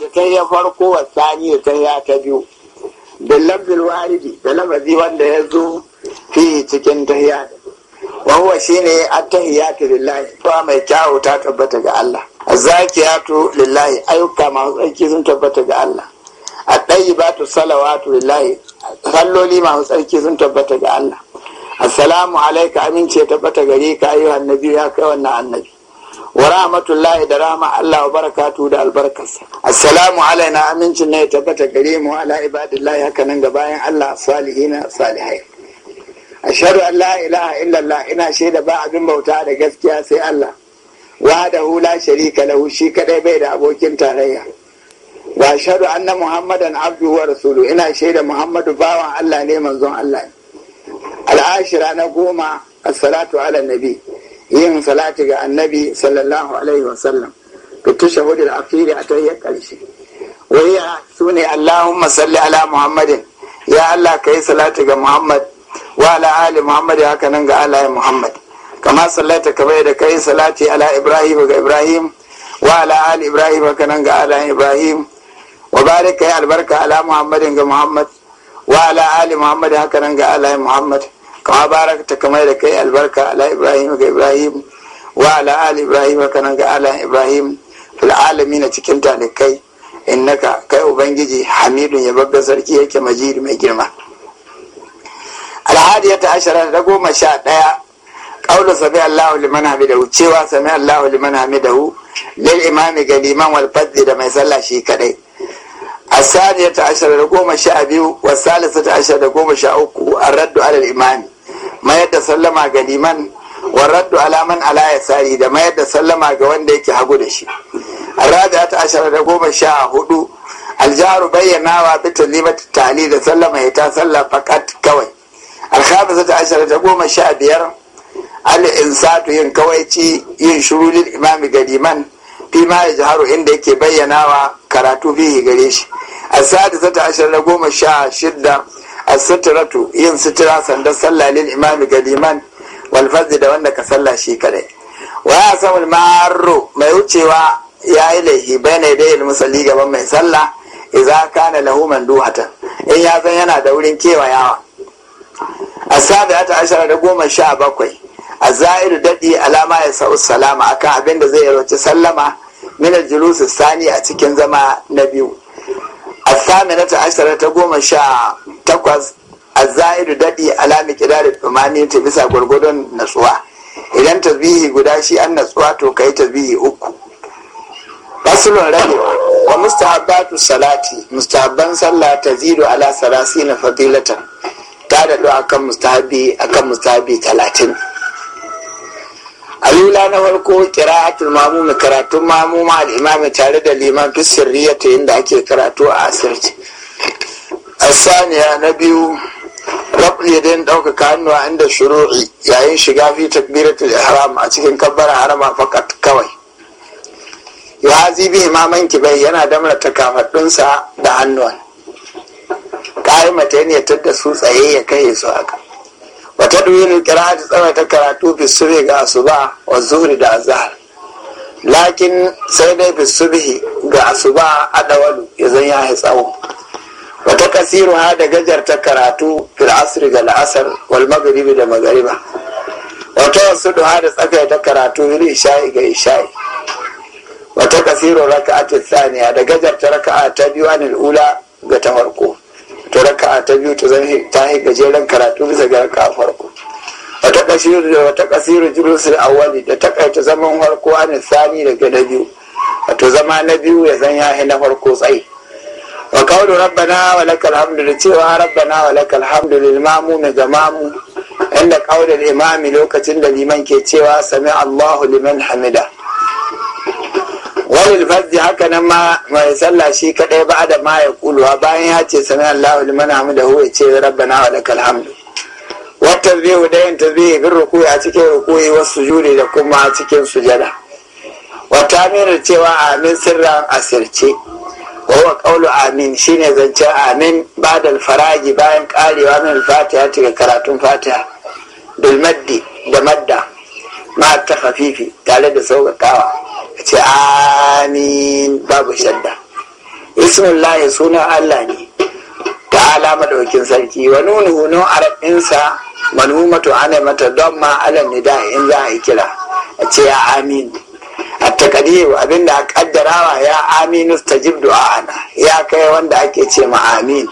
da ta yi farko wa sani da ta yi ta biyu da lafzil walidi da lamazi wanda ya zo fi cikin tahiya wa huwa shine at ta lillahi fa mai kyawu ta tabbata ga Allah zakiya to lillahi ayyuka masu tsarki sun tabbata ga Allah A ba tu salawa salawatu lillahi salloli masu tsarki sun tabbata ga Allah assalamu alaika amince tabbata gare ka ayyuhan annabi ya kai wannan annabi wa rahmatullahi da rahama Allah wa barakatu da albarkarsa assalamu alaina amincin ya tabbata gare mu ala ibadillahi haka nan ga bayan Allah salihina salihai ashhadu an la ilaha illallah ina shaida ba abin bauta da gaskiya sai Allah wahdahu la sharika lahu shi kadai bai da abokin tarayya wa ashhadu anna muhammadan abduhu wa rasuluhu ina shaida muhammadu bawan Allah ne manzon Allah ne al'ashira na goma as-salatu ala nabi yin salati ga annabi sallallahu alaihi wasallam fi tashahhud da afiri a tayyar karshe su sune allahumma salli ala muhammadin ya allah ka yi salati ga muhammad wa ala ali muhammad haka nan ga ala muhammad kama sallata bai da kai salati ala ibrahim ga ibrahim wa ala ali ibrahim haka nan ga ala ibrahim wa baraka ya albarka ala muhammadin ga muhammad wa ala ali muhammad haka nan ga ala muhammad kama barakta kamar da kai albarka ala ibrahim ga ibrahim wa ala ali ibrahim kanan ga ala ibrahim fil alamin cikin talikai innaka kai ubangiji hamidun ya babban sarki yake majiri mai girma alhadiya ta ashara da goma sha ɗaya ƙaunar sami allahu liman hamidahu cewa sami allahu liman hamidahu lil imami ga liman wal da mai sallah shi kadai asaniya ta ashara da goma sha biyu wasalisa ta ashara da goma sha uku a raddu alal imami mayar da sallama ga liman warraddu alaman ala yasari da mayar da sallama ga wanda yake hagu da shi rada ta ashirar da goma sha hudu aljaru bayyanawa bi talimati tali da sallama ita sallar fakat kawai alhamisa ta ashirar da goma sha biyar al'insatu yin kawaici yin shuru lil imami ga liman fi ma ya jaharu inda yake bayyanawa karatu biyu gare shi sadi ta ashirar da goma sha shidda as-sitratu yin sitira sandar sallah lil imami ga liman wal da wanda ka sallah shi kaɗai, wa ya samul mai wucewa ya yi laifi bai na dai musalli gaban mai sallah idza kana lahu manduhatan in ya zan yana da wurin kewayawa as ta ashara da goma sha bakwai a za'iru daɗi alama ya sa'u salama akan abin da zai yarwaci sallama min julusu sani a cikin zama na biyu asaminata ashara ta goma sha takwas azza'idu daɗi alami da tumani ta bisa gwargwadon natsuwa idan tasbihi guda shi an natsuwa to ta tasbihi uku fasulun rabewa wa mustahabatu salati mustahabban sallah ta zido ala sarasi na fadilatan ta da akan mustahabi akan mustahabi talatin alula na farko qira'atul mamumi karatun mamuma Al'imami tare da liman fi sirriyata inda ake karatu a asirci saniya na biyu rabbi yadin ɗaukaka hannu a inda shuru'i yayin shiga fi takbiratul ihram a cikin kabbara harama fakat kawai ya zibi maman kibai yana damar takafaɗinsa da hannuwan ƙa'imata yana yadda su tsaye ya kai su haka Wata wa tadwinul tsara ta karatu fi subhi ga asuba wa zuri da azahar. lakin sai dai fi subhi ga asuba a ɗawalu ya yi tsawo wata ƙasiru ha da gajarta karatu fil asr ga la'asar wal maghribi da magariba wata wasu duha da ta karatu fil isha'i ga ishayi. wata raka a thaniya da gajarta raka'a ta biyu anil ula ga ta farko to raka'a ta biyu ta zan ta yi gajeren karatu bisa ga a farko wa ta kashiru da wa ta kasiru a awwali da ta ƙaita zaman farko an sani daga na biyu wato zama na biyu ya zan yahi na farko tsayi wa qawlu rabbana wa lakal hamdu da cewa rabbana wa lakal hamdu lil mamun zama mu inda da imami lokacin da liman ke cewa sami Allahu liman hamida wani fazzi haka nan ma mai sallah shi kadai ba da ma ya kulwa bayan ya ce sami mana liman da huwa ce rabbana wa da hamdu wata zai da yin tasbihi bin rukuyi a cikin rukuyi wasu juri da kuma a cikin sujada wata amina cewa amin sirran asirce wa huwa qawlu amin shine zance amin ba da Faragi bayan karewa min fatiha daga karatun fatiha bilmaddi da madda ma ta hafifi, tare da sauƙaƙawa ce amin babu shadda ismullahi sunan Allah ne Ta ta'ala madaukin sarki wa nunu a arabinsa manumatu ana mata don ma ne da in za a yi kira a ce ya amin a takadiru abinda a kaddarawa ya aminu jibdu du'a ana ya kai wanda ake ce ma amin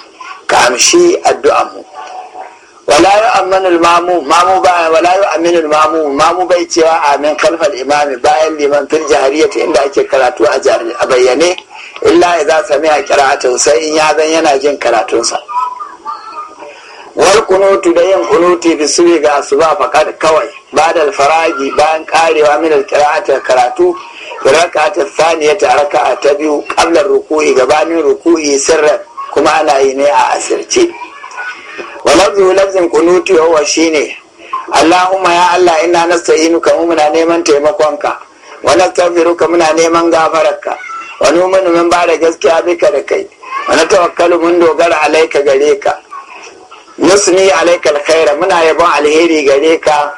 ka amshi addu'a mu wala yu mamu mamu ba wala mamu mamu bai cewa amin kalfal imami bayan liman fil ta inda ake karatu a jihar a bayyane illa idza sami'a qira'atu sai in ya zan yana jin karatunsa wal kunutu da yin kunuti bi subi ga asuba kawai ba'da faragi bayan karewa min al karatu karatu raka'at thaniyata raka'a ta biyu qabla ruku'i gabanin ruku'i sirran kuma ana yi ne a asirce walabzu lafzin kunuti wa shine Allahumma ya Allah ina nasta'inuka mu muna neman taimakonka wa nastaghfiruka muna neman gafararka wa numinu min ba da gaskiya bika da kai wa natawakkalu mun dogara alaika gare ka nusni alaika alkhaira muna yabon alheri gare ka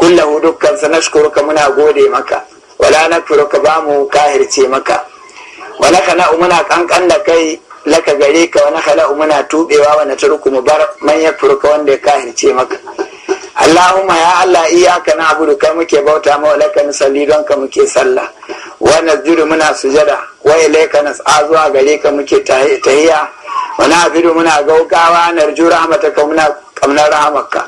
kullahu dukkan sa nashkuruka muna gode maka wala nakfuruka ba mu kahirce maka wala kana muna kankan da kai laka gare ka wani halahu muna tubewa wani turku mu bar manyan furka wanda ya kahirce maka Allahumma ya Allah iyaka na abudu ka muke bauta ma laka nusalli don ka muke sallah wa nasjudu muna sujada wa ilayka nas'a zuwa gare ka muke tahiya wa na'budu muna gaugawa narju rahmataka muna kamnar rahmaka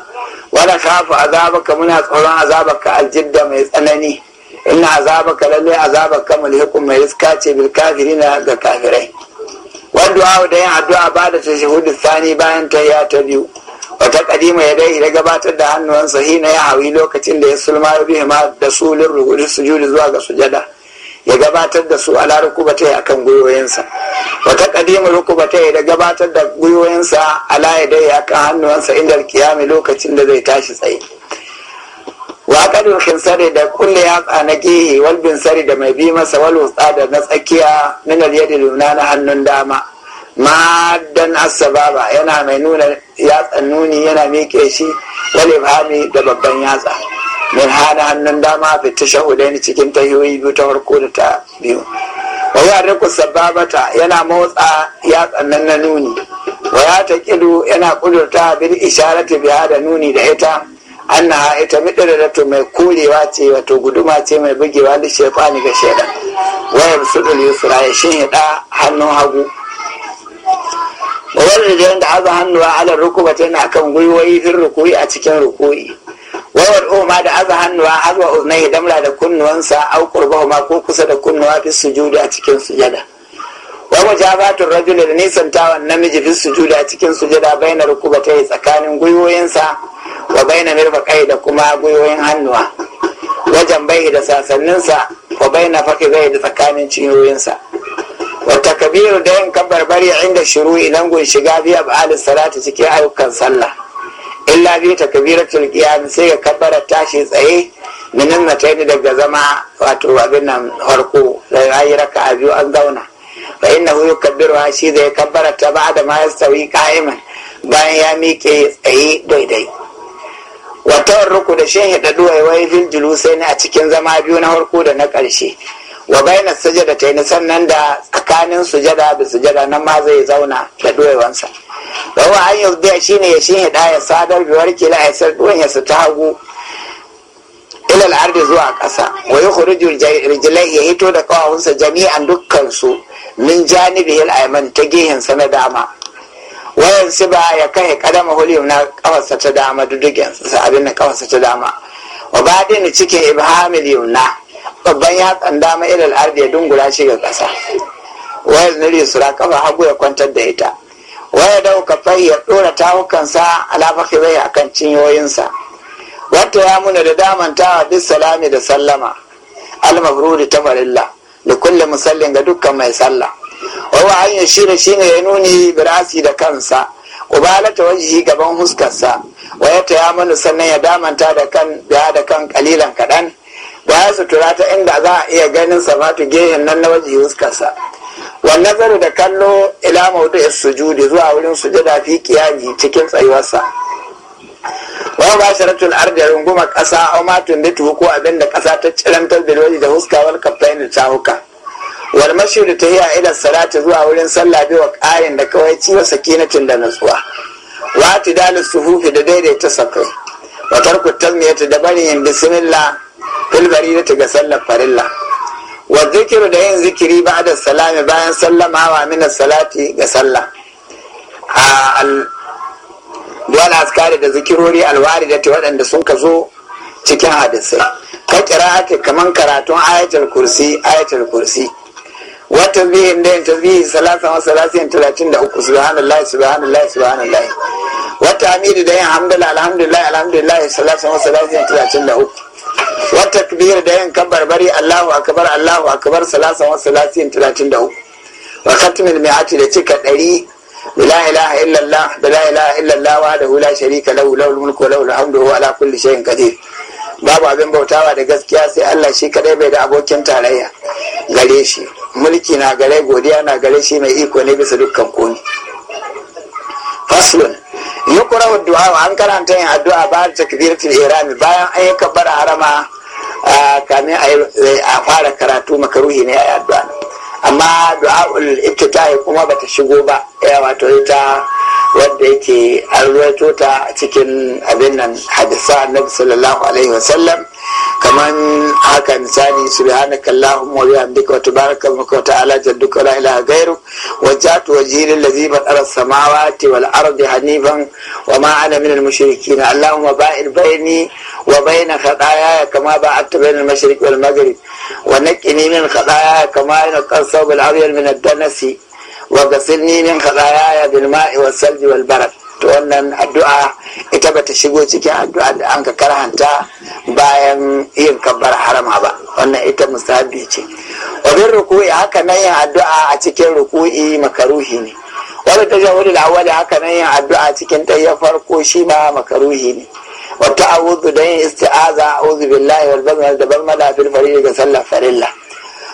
wa nakhafu azabaka muna tsoron azabaka aljidda mai tsanani inna azabaka lalle azabaka mulhiqun mai iska ce bil kafirina ga kafirai wanda da yin addu'a ba da ta shahudu tsani bayan ta yi ta biyu wata kadima ya dai da gabatar da hannuwansa hina ya hawi lokacin da ya sulma ya bihima da su lirruhudi sujudi zuwa ga sujada ya gabatar da su ala rukubatai kan gwiwoyinsa wata kadima rukubata da gabatar da gwiwoyinsa ala ya dai akan hannuwansa inda kiyami lokacin da zai tashi tsaye wa rufin sare da kulle yatsa na gehe wal sare da mai bi masa wal da na tsakiya min al yadi luna na hannun dama madan asbaba yana mai nuna yatsan nuni yana miƙe shi wal ibhami da babban yatsa min hana hannun dama fi tashahudain cikin tahiyoyi biyu ta farko da ta biyu wa ya riku sababata yana motsa yatsa tsannan na nuni wa ya taqidu yana kudurta bil isharati biha da nuni da ita anna ita da to mai korewa ce wato guduma ce mai bugewa da ni ga shaidan wayar sudul yusra ya da hannun hagu wayar rijiran da aza hannuwa ala rukuba tana kan gwiwoyi din rukuyi a cikin rukuyi wayar oma da aza hannuwa azwa uznai damla da kunnuwansa au qurbahu ma ko kusa da kunnuwa fi sujudi a cikin sujada wa mujabatul rajuli da nisantawan namiji fi sujuda cikin sujada ta yi tsakanin gwiwoyinsa wa baina mirfaqai da kuma gwiwoyin hannuwa wajen bai da sasanninsa wa baina fakirai da tsakanin cinyoyinsa wa takbiru da yin kabbarbari inda shiru idan gun shiga bi ab'al salati cikin ayyukan sallah illa bi takbiratul qiyam sai ga kabbara tashi tsaye minan na daga zama wato abin nan farko da ayi raka'a biyu an zauna fa innahu yukabbiru shi zai ya kabbara ta ba'da ma yastawi qa'iman bayan ya miƙe tsaye daidai wata ruku da shehi da duwaiwai fil julusai a cikin zama biyu na farko da na ƙarshe wa bayyana sujada ta yi sannan da tsakanin sujada da sujada nan ma zai zauna da duwaiwansa wa wa an shine ya shehi da ya sadar biwar la'asar ya sarduwan ya su ta hagu ilal ardi zuwa ƙasa wa yukhrijul rijlai ya hito da kawawunsa jami'an dukkansu su min janibihil ayman ta gehen sa na dama wayan siba ba ya kai kadama huliyum na kafarsa ta dama dudugen sa abin na kafarsa ta dama wa badin cikin ibhamil yumna babban yatsan dama ilal ardi ya dungula shi ga ƙasa wayan nuri sura kafa hagu ya kwantar da ita waya dauka fai ya dora tawukansa alafa a akan cinyoyinsa wata ya muna da damantawa bis salami da sallama al ta Marilla, da kulle musallin ga dukkan mai sallah wa hanyar shirin shi ne ya nuni birasi da kansa kubala ta wajihi gaban huskarsa wa ya taya mana sannan ya damanta da kan biya da kan kalilan kaɗan baya ya sutura ta inda za a iya ganin samatu gehen nan na wajihi huskarsa wa nazaru da kallo ila maudu sujudi zuwa wurin sujada fi kiyaji cikin tsayuwarsa wa ba sharatul arda runguma kasa aw ma tunbitu ko abin da kasa ta cirantar da waje da huska wal kaffain da huka wal mashi da tahiya ila salati zuwa wurin sallah bi wa ƙarin da kawai na sakinatin da nasuwa wa tidalus suhufi da daidaita sakai wa tarku tazmiyati da barin bismillah fil ta ga sallar farilla wa zikiru da yin zikiri ba da salami bayan sallamawa min salati ga sallah wal azkari da zikirori alwaridati waɗanda sun ka zo cikin hadisai ka kira ake kaman karatun ayatul kursi ayatul kursi biyu tasbihin da tasbihi salatan wa da uku subhanallah subhanallah subhanallah Wata tahmidu da yin hamdala alhamdulillah alhamdulillah salatan wa da uku wata takbir da yin bari allahu akbar allahu akbar salatan wa da uku wa khatmil mi'ati da cika ɗari. la ilaha illallah da la ilaha da hula sharika lahu lahul mulku wa lahul hamdu wa ala kulli shay'in babu abin bautawa da gaskiya sai Allah shi kadai bai da abokin tarayya gare shi mulki na gare godiya na gare shi mai iko ne bisa dukkan komi faslun yukrahu du'a an karanta yin addu'a ba da takbiratul ihrami bayan an yi kabbara harama kamin a fara karatu makaruhi ne a addu'a amma du'a'ul ibtita'i kuma bata shigo ba ya wato ita wanda yake an ruwaito ta cikin abin nan hadisa annabi sallallahu alaihi wasallam kamar haka misali subhanaka allahumma wa bihamdika wa tabaraka wa ta'ala jadduka la ilaha ghairu wajjahtu wajhi allazi fatara samawati wal ardi hanifan wa ma ana min al mushrikin allahumma kama ba'adta baina al mashriq kama yanqa thawb to wannan addu'a ita bata shigo cikin addu'a da an ka karhanta bayan yin kabbar harama ba wannan ita musabi ce wabin ruku'i haka nan yin addu'a a cikin ruku'i makaruhi ne wani tajawuri da awali haka nan yin addu'a cikin ɗayan farko shi ma makaruhi ne wata a'udhu da yin isti'aza a'udhu billahi wal bazmal da balmala fil farid ga sallah farilla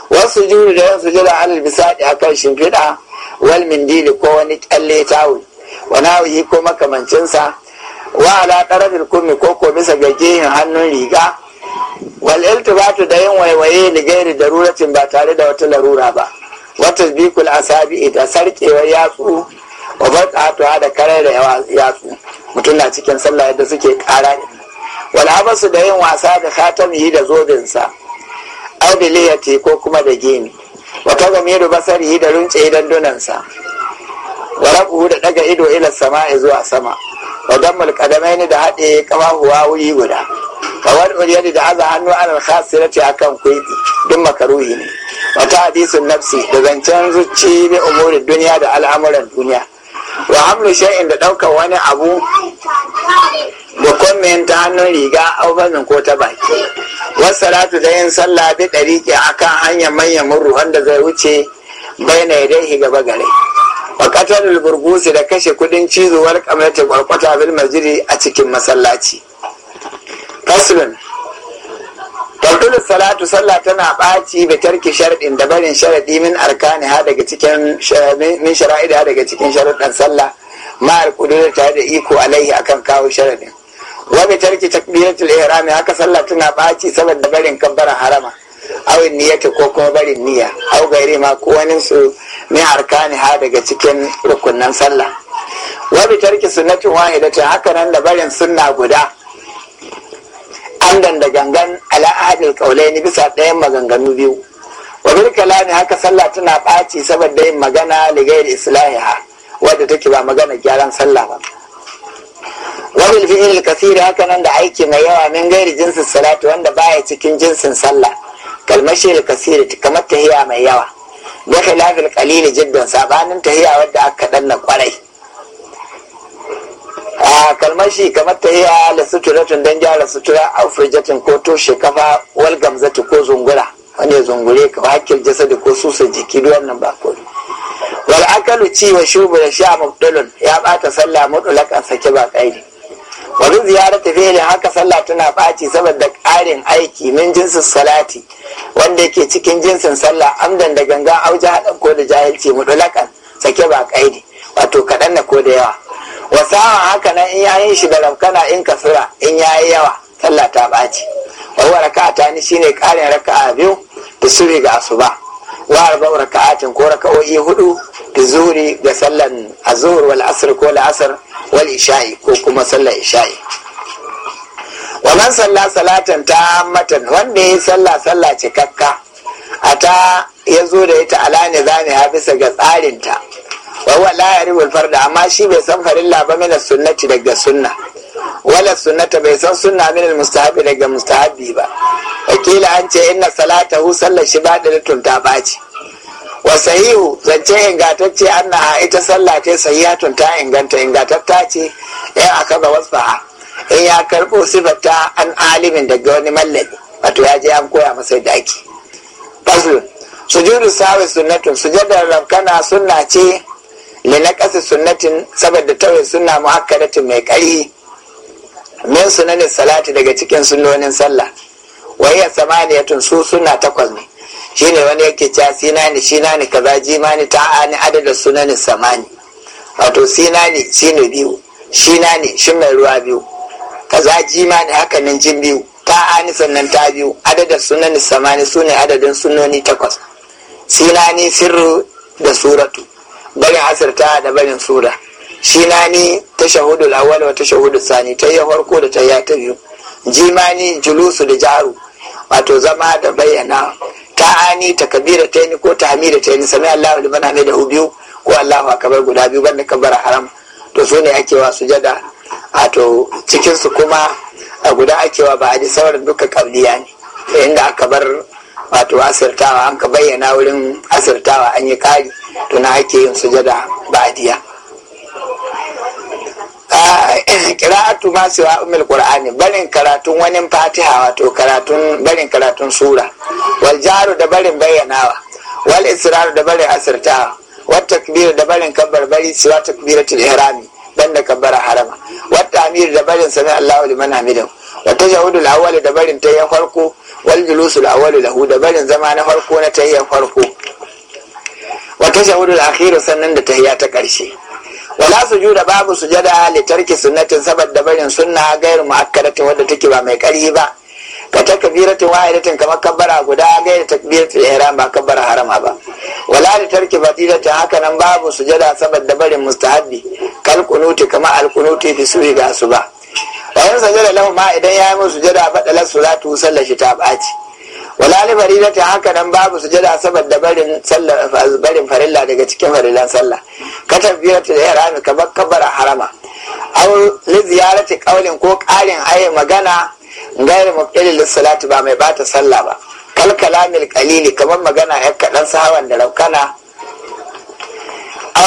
wasu juri da wasu jira alal bisadi akan shimfiɗa wal mindili ko wani kyalle tawul wani ko makamancinsa wa ala kumi ko ko bisa ga hannun riga wal iltibatu da yin waiwaye ni gairi daruratin ba tare da wata larura ba wata bikul asabi da sarkewar yatsu wa barkatu da karar da yatsu mutum na cikin sallah yadda suke kara wal abasu da yin wasa da khatamihi da zobinsa aw ko kuma da gini wa gamiru yi da runce dandunansa wa rabu da ɗaga ido ila sama'i zuwa sama wa dammal qadamaini da hade kafafuwa wuyi guda wa wad'ul yadi da aza hannu alal khasirati akan kuiti duk makaruhi ne wa ta hadisun nafsi da zancen zuci bi umuri duniya da al'amuran duniya wa hamlu shay'in da ɗaukar wani abu da kwamen ta hannun riga aubanin ko ta baki wasu salatu da yin sallah bi ɗariƙi akan hanyar manyan murru wanda zai wuce bai na yadda gaba gare wa qatalul burgusi da kashe kudin cizuwar kamata kwarkwata abin majiri a cikin masallaci faslun tabdul salatu sallah tana ɓaci bi tarki sharaɗin da barin sharaɗi min arkani ha daga cikin min shara'ida daga cikin sharaɗin sallah ma da tare da iko alaihi akan kawo sharaɗin wa ta tarki takbiratul ihrami haka sallah tana ɓaci saboda barin kabbara harama aw niyyata ko kuma barin niyya aw gairi ma ko wani su min arkani ha daga cikin rukunnan sallah Wani bi tarki sunnatin wahidatin haka nan da barin sunna guda Andan da gangan ala ahadil qaulaini bisa ɗayan maganganu biyu wa bil ne haka sallah tana ɓaci saboda yin magana li islahi islahiha wadda take ba magana gyaran sallah ba wa bil fi'il haka nan da aiki mai yawa min gairi jinsin salatu wanda baya cikin jinsin sallah kalmashi kasiri kamar tahiya mai yawa da khilafil kalili jiddan sabanin tahiya wadda aka danna kwarai a kalmar shi kamar tahiya da suturatun dan gyara sutura aufrijatin ko toshe kafa wal gamzati ko zungura wani zungure ka jasa jasadi ko susa jiki duwan nan ba ko wal akalu wa shubu da sha ya bata sallah mutlaqan sake ba kaidi wani ziyara tafiya haka sallah tana ɓaci saboda ƙarin aiki min jinsin salati wanda yake cikin jinsin sallah amdan da ganga auja haɗin ko da jahilci mudulakan sake ba kaidi wato kaɗan na ko da yawa wasawa haka nan in yayin shi da ramkana in kasura in yayi yawa sallah ta ɓaci wa ta ni shine ƙarin raka'a biyu da suri ga asuba wa arba raka'atin ko raka'o'i hudu da zuri ga sallan azhur wal asr ko la'asar wal isha'i ko kuma sallar isha'i wa man salla salatan ta matan wanda ya salla salla cikakka a ta ya zo da ita ala ne zane ha bisa ga tsarinta wa wala la yaribul farda amma shi bai san farilla ba mina sunnati daga sunna wala sunnata bai san sunna min mustahabi daga mustahabi ba wakila an ce inna salatahu sallar shi ba da ta baci wa sahihu zance ingantacce a ita sallah ta sahihatun ta inganta ingatatta ce 'Yan aka ga wasfa'a in ya karɓo sifata an alimin daga wani mallami wato ya je an koya masa da ake fasul sujudu sawi su sujadar rabkana sunna ce na ƙasa sunnatin saboda tawai suna mu'akkadatin mai ƙari min sunanin salati daga cikin sunnonin sallah wayya tun su suna takwas ne shine wani yake cewa sinani shinani kaza jimani ni adada sunanin samani wato sinani ne biyu shinani shin mai ruwa biyu kaza jima ne haka nan jin biyu ta ani sannan ta biyu adadin sunan samani su adadin sunoni takwas sinani sirru da suratu barin ta da barin sura shinani ta shahudu lawal wa ta shahudu sani ta yi farko da ta yi ta biyu jimani julusu da jaru wato zama da bayyana ta'ani ani ta ni ko ta tahmida ta ni sami Allahu liman hamidahu biyu ko Allahu akabar guda biyu banda kabar haram to su ne ake wa sujada wato cikinsu kuma a guda akewa ba a sauran duka kabliya ne inda aka bar wato asirtawa an ka bayyana wurin asirtawa an yi kari tuna ake yin sujada ba'diya kira'atu masu wa umil qur'ani barin karatun wani fatiha wato karatun barin karatun sura wal jaru da barin bayyanawa wal israr da barin asirtawa wata takbir da barin kabbar bari siwa takbiratul ihrami banda kabbara harama wata amir da barin sami Allahu liman hamidahu wa tajawudu al-awwal da barin tayyan farko wal julusu al-awwal lahu da barin zama na farko na tayyan farko wa tajawudu al-akhir sannan da tahiyya ta karshe wala sujuda babu sujada li tarki sunnatin da barin sunna gairu mu'akkadatin wadda take ba mai ƙarfi ba ka ta kabiratin wahidatin kamar kabbara guda gai da takbiratul ihram ba kabbara harama ba wala da tarki fadilata haka nan babu sujada saboda barin mustahabbi kal kunuti kama al kunuti fi suri ga su ba bayan sujada lahu ma idan ya yi musu sujada badala salatu sallar shi ta baci wala da farilata haka nan babu sujada saboda barin sallar barin farilla daga cikin farillan sallah ka takbiratul ihram kamar kabbara harama aw li ziyarati ko qarin ayi magana gairu mabdilin salatu ba mai bata sallah ba kal kalamil kalili kamar magana ya kaɗan sahawan da raukana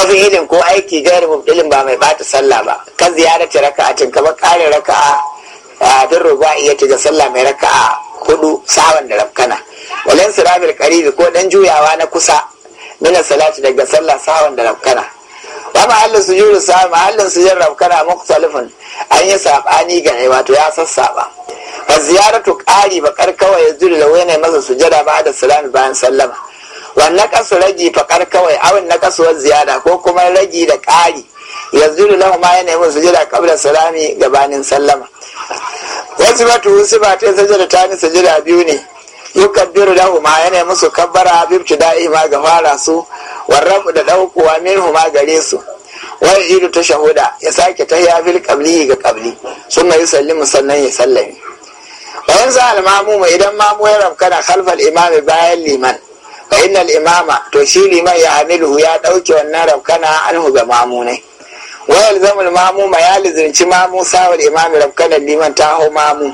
fi'ilin ko aiki gairu mubdilin ba mai bata sallah ba Ka kan ziyarci raka'atin kamar ƙarin raka'a a duk ruba iya ga sallah mai raka'a hudu sawan da raukana walin sirabil qaribi ko dan juyawa na kusa mina salatu daga sallah sawan da raukana Ta mahallin su juru sa mahallin su jarrab kana muktalifin an yi saɓani ga wato ya sassaba fa ziyaratu qari ba kar kawai ya zulla wani masa sujada ba da salami bayan sallama wannan kasu ragi fa kawai awin na wani ziyada ko kuma ragi da ƙari. ya zulla lahu ma yana yin sujada kabla salami gabanin sallama wasu batu wasu ba ta sajada ta ni sajada biyu ne yukabbiru lahu ma yana musu kabbara bibci daima ma ga fara su warrabu da ɗaukowa minhu ma gare su wani idu ta shahuda ya sake ta ya fil qabli ga qabli sunna yusallimu sannan ya sallami bayan za almamu mai idan mamu ya rabkana khalfal imami bayan liman fa innal imama to shi liman ya hamilu ya ɗauke wannan rabkana alhu ga mamu ne wayar zamul mamu ma ya mamu sawar imami rabkana, liman ta taho mamu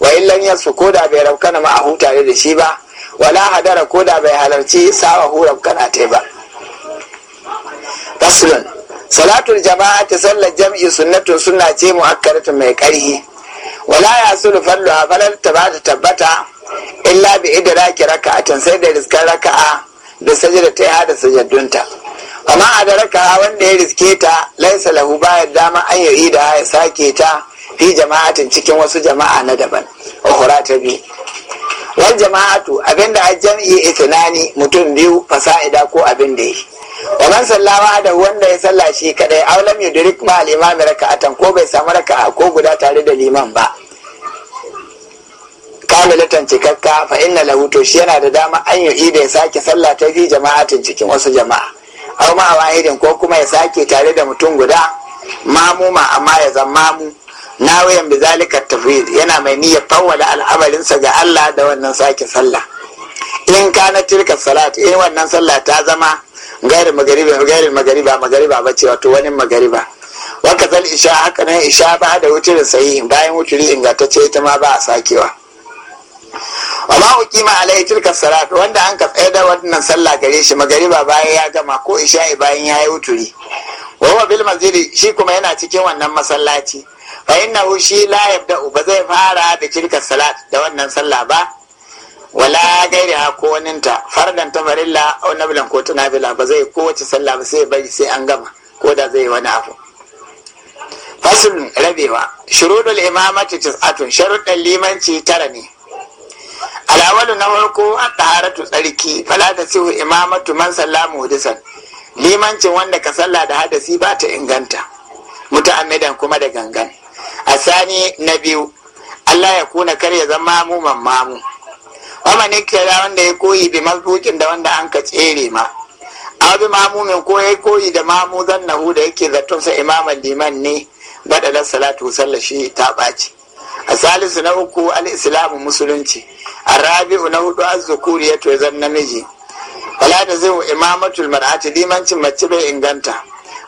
wa illan yasu ko da bai rabkana ma'ahu tare da shi ba wala hadara ko da bai halarci sawa hu rabkana ta ba faslun salatul jama'a ta sallar jam'i sunnatun sunna ce mu'akkaratun mai karhi wala ya sulu fallu a falar ta ba ta tabbata illa bi raka'a, tan sai da riskar raka'a da sajada ta hada sajaddunta amma a da raka'a wanda ya riske ta laisa lahu bayan dama an yi da ya sake ta fi jama'atin cikin wasu jama'a na daban ukhra ta biyu wal jama'atu abinda a jam'i itinani mutum biyu fasa'ida ko abin da yi wa man sallama da wanda ya salla shi kadai aw lam yudrik ma al imam raka'atan ko bai samu raka'a ko guda tare da liman ba kamilatan cikakka fa inna lahu to shi yana da dama an yi da ya sake sallah ta fi jama'atin cikin wasu jama'a aw ma wahidin ko kuma ya sake tare da mutum guda mamuma amma ya zama mamu nawayan bi zalika tafwid yana mai niyyar fawwala al'amarinsa ga Allah da wannan sake sallah in kana tilka salat in wannan sallah ta zama gairin magariba gairin magariba magariba ba ce wato wani magariba waka zal isha haka nan isha ba da wutar sai bayan wuturi ingantacce ita ma ba a sakewa wa ma uqima alai tilka salat wanda an ka tsaya da wannan sallah gare shi magariba bayan ya gama ko isha'i bayan ya yi wuturi wa bil masjidi shi kuma yana cikin wannan masallaci fa hu shi la yabda ba zai fara da tilka salat da wannan sallah ba wala gairi ha ko waninta fardan ta farilla au nabilan ko tunabila ba zai kowace sallah ba sai bari sai an gama ko da zai wani abu fasul rabewa shurudul imamati tis'atun sharuɗan limanci tara ne alawalu na farko an taharatu tsarki fala da sihu imamatu man sallamu hudisan limancin wanda ka sallah da hadasi ba ta inganta muta'ammidan kuma da gangan a sani na biyu Allah ya kuna kar ya zama mamuman mamu ne kira wanda ya koyi bi mazbukin da wanda an ka tsere ma a bi mamu ko ya koyi da mamu zannahu da yake zatonsa imaman liman ne badala salatu sallashi ta ɓaci a salisu na uku al al'islamu musulunci a rabi'u na hudu azzukuri ya to zan namiji wala da zai imamatul mar'ati limancin mace bai inganta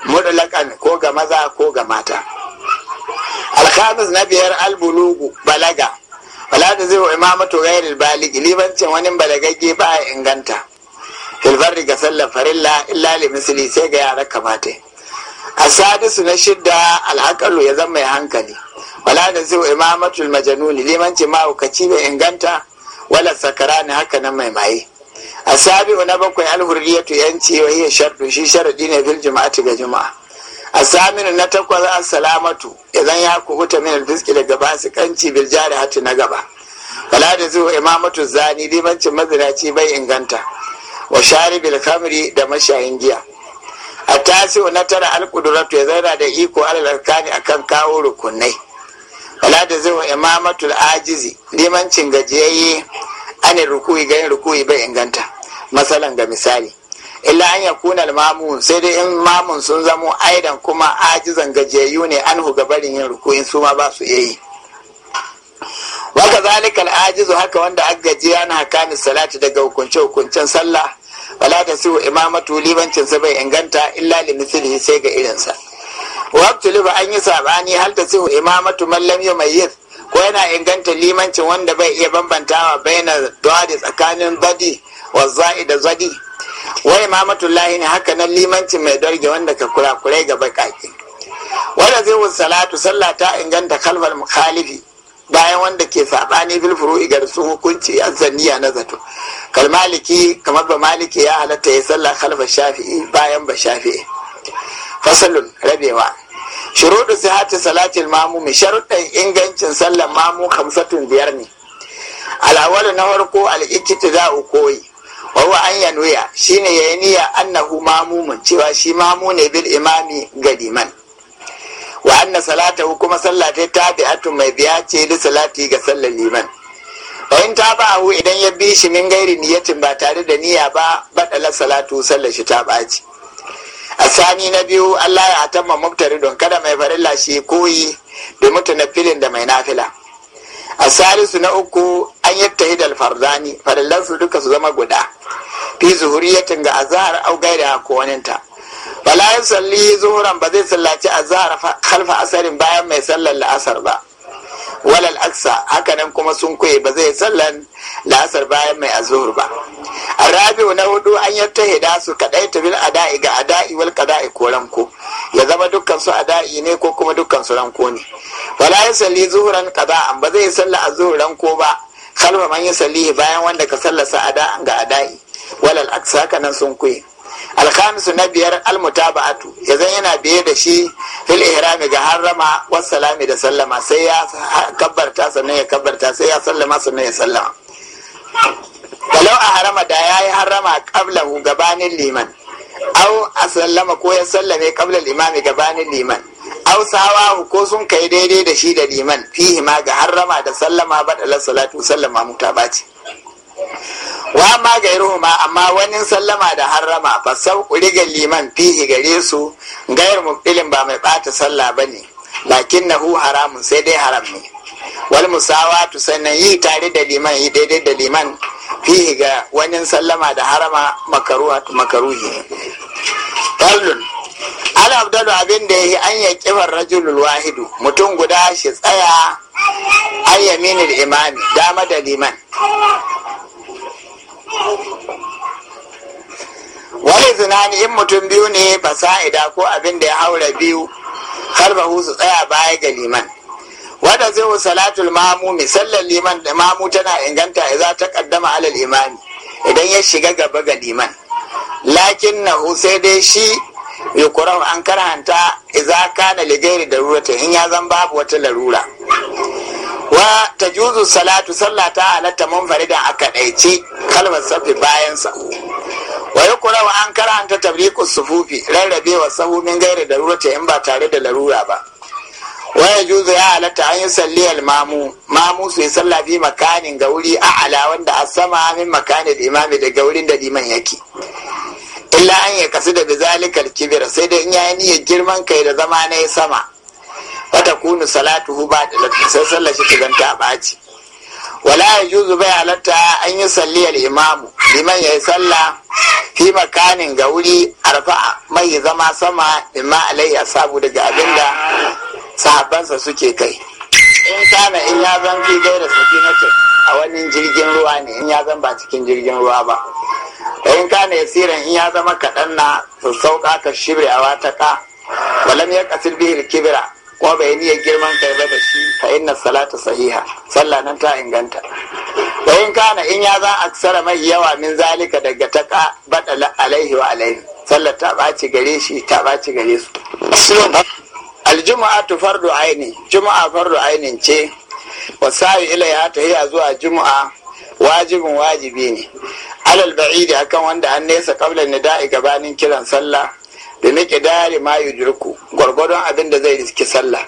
mudalakan ko ga maza ko ga mata alkhamis na biyar albulugu balaga wala da zai wa imamatu ghairil baligi Limancin wani balagagge ba ya inganta filbarri ga sallar farilla illa misali sai ga yara kamata A sadisu na shidda alhakalu ya zama mai hankali wala da zai wa imamatu majanuni limancin mahaukaci mai inganta wala sakarani haka nan mai maye asabi'u na bakwai alhurriyatu yanci wa iya shartu shi sharaɗi ne fil juma'ati ga juma'a a saminu na takwas an salamatu idan ya kubuta min alfiski daga basu-kanci, biljari hati na gaba wala da zuwa imamatu zani limancin mazinaci bai inganta wa shari bilkamri da mashayin giya a tasi na tara alkuduratu ya zana da iko a kan kawo rukunai wala da zuwa imamatul ajizi limancin gajiyayye ana rukuyi ganin rukuyi bai inganta masalan ga misali illa an ya kuna mamun sai dai in mamun sun zamo aidan kuma ajizan gajiyayyu ne an hu barin yin ruku'in su ma ba su iya yi waka zalika al'ajizu haka wanda an gajiya na hakami salati daga hukunce hukuncen sallah wala ta siwa imamatu libancin sa bai inganta illa li mislihi sai ga irinsa waqtu liba an yi sabani hal ta siwa imamatu man mai yumayyiz ko yana inganta limancin wanda bai iya bambantawa baina dawadi tsakanin badi wa za'i da zadi wai mamatullahi ne haka nan limancin mai darge wanda ka kurakurai ga baƙaƙe wanda zai wuce salatu sallah ta inganta kalmar mukhalifi bayan wanda ke saɓani fil furu'i ga su hukunci azzaniya na zato kalmaliki kamar ba maliki ya halatta ya sallah kalma shafi'i bayan ba shafi'i fasalun rabewa shuruɗu sihati mamu mamumi sharuɗan ingancin sallar mamu hamsatun biyar ne al'awalu na farko al'ittida'u koyi wa huwa an yanwiya shine yayi niyya annahu mamumun cewa shi mamu ne bil imami ga liman wa anna salatahu kuma sallata tabi'atun mai biya ce da salati ga sallar liman in ta ba'ahu idan ya bi shi min gairi niyyatin ba tare da niyya ba baɗala salatu sallar shi ta ɓaci a sani na biyu Allah ya atamma muftari don kada mai farilla shi koyi da mutu na filin da mai nafila a salisu na uku an yi ta da farzani farillansu duka su zama guda fi zuhuriyatin ga azahar au gaira kowaninta bala yin salli zuhuran ba zai sallaci azahar halfa asarin bayan mai sallar la'asar ba walal aksa hakanan kuma sun kuye ba zai sallan la'asar bayan mai azuhur ba A rabi'u na hudu an ta hida su kadai ta bin ada'i ga ada'i wal ko ranko ya zama dukkan su ada'i ne ko kuma dukkan su ranko ne wala ya salli zuhuran qada'an ba zai salla azuhur ranko ba kalma man salli bayan wanda ka sallasa ada'an ga ada'i walal aksa hakanan sun kuye alkhamisu na biyar almutaba'atu ya zan yana biye da shi fil ihrami ga harrama wassalami da sallama sai ya kabbarta sannan ya kabbarta sai ya sallama sannan ya sallama walau a harama da ya yi harama qablahu gabanin liman au a sallama ko ya sallame qabla imami gabanin liman au sawahu ko sun kai daidai da shi da liman fihi ma ga harama da sallama badala salatu sallama mutabaci wa ma gairu ma amma wani sallama da harama fa sau riga liman fihi gare su gayar mubtilin ba mai bata sallah ba ne lakin nahu haramun sai dai haram ne wal musawatu sannan yi tare da liman yi daidai da liman fihi ga wani sallama da harama makaruhi Fallun, al abdalu abin da yi an ya kifar rajulul wahidu mutum guda shi tsaya ayyamin yamini imami dama da liman wani zinani in mutum biyu ne fasa'ida ko abin da ya haura biyu kalbahu su tsaya baya ga liman wadda zai wa salatul mamu misallar liman da mamu tana inganta za ta kaddama alal imani idan ya shiga gaba ga liman lakin na sai dai shi yukurau an karhanta idan kana ligairi da rurata in ya zan babu wata larura wa ta juzu salatu sallah ta halatta munfaridan a kaɗaici kalmar safi bayansa wa wa an karanta tabriqu sufufi wa sahu min gairi ta in ba tare da larura ba waya juzu ya halatta an yi salliyar mamu mamu su yi salla fi makanin ga wuri ala wanda a sama min makanin imami da wurin da liman yake illa an ya kasu da bizalikal kibira, sai da in ya niyyar girman kai da zama na sama wata kunu Salatu ba da sai sallar shi ta baci ɓaci wala yajuzu bai halatta an yi salli al imamu liman yayi sallah fi makanin ga wuri arfa mai zama sama imma alai asabu daga abinda sahabbansa suke kai in kana in ya zan fi gaira sakinatin a wani jirgin ruwa ne in ya zan ba cikin jirgin ruwa ba in kana yasiran in ya zama kaɗan na sassauka ka shibri a ka walam ya kasir bihir kibira kuma bai niyyar girman kai ba da shi fa inna salata sahiha sallah nan ta inganta wa in kana in ya za aksara mai yawa min zalika daga ta badala alaihi wa alaihi sallar ta baci gare shi ta baci gare su aljumu'atu fardu aini juma'a fardu ainin ce wasa'i ila ya tahiya zuwa juma'a wajibin wajibi ne alal ba'idi akan wanda an nesa qabla nida'i gabanin kiran sallah da bi miqdari ma jirku gwargwadon abin da zai riski sallah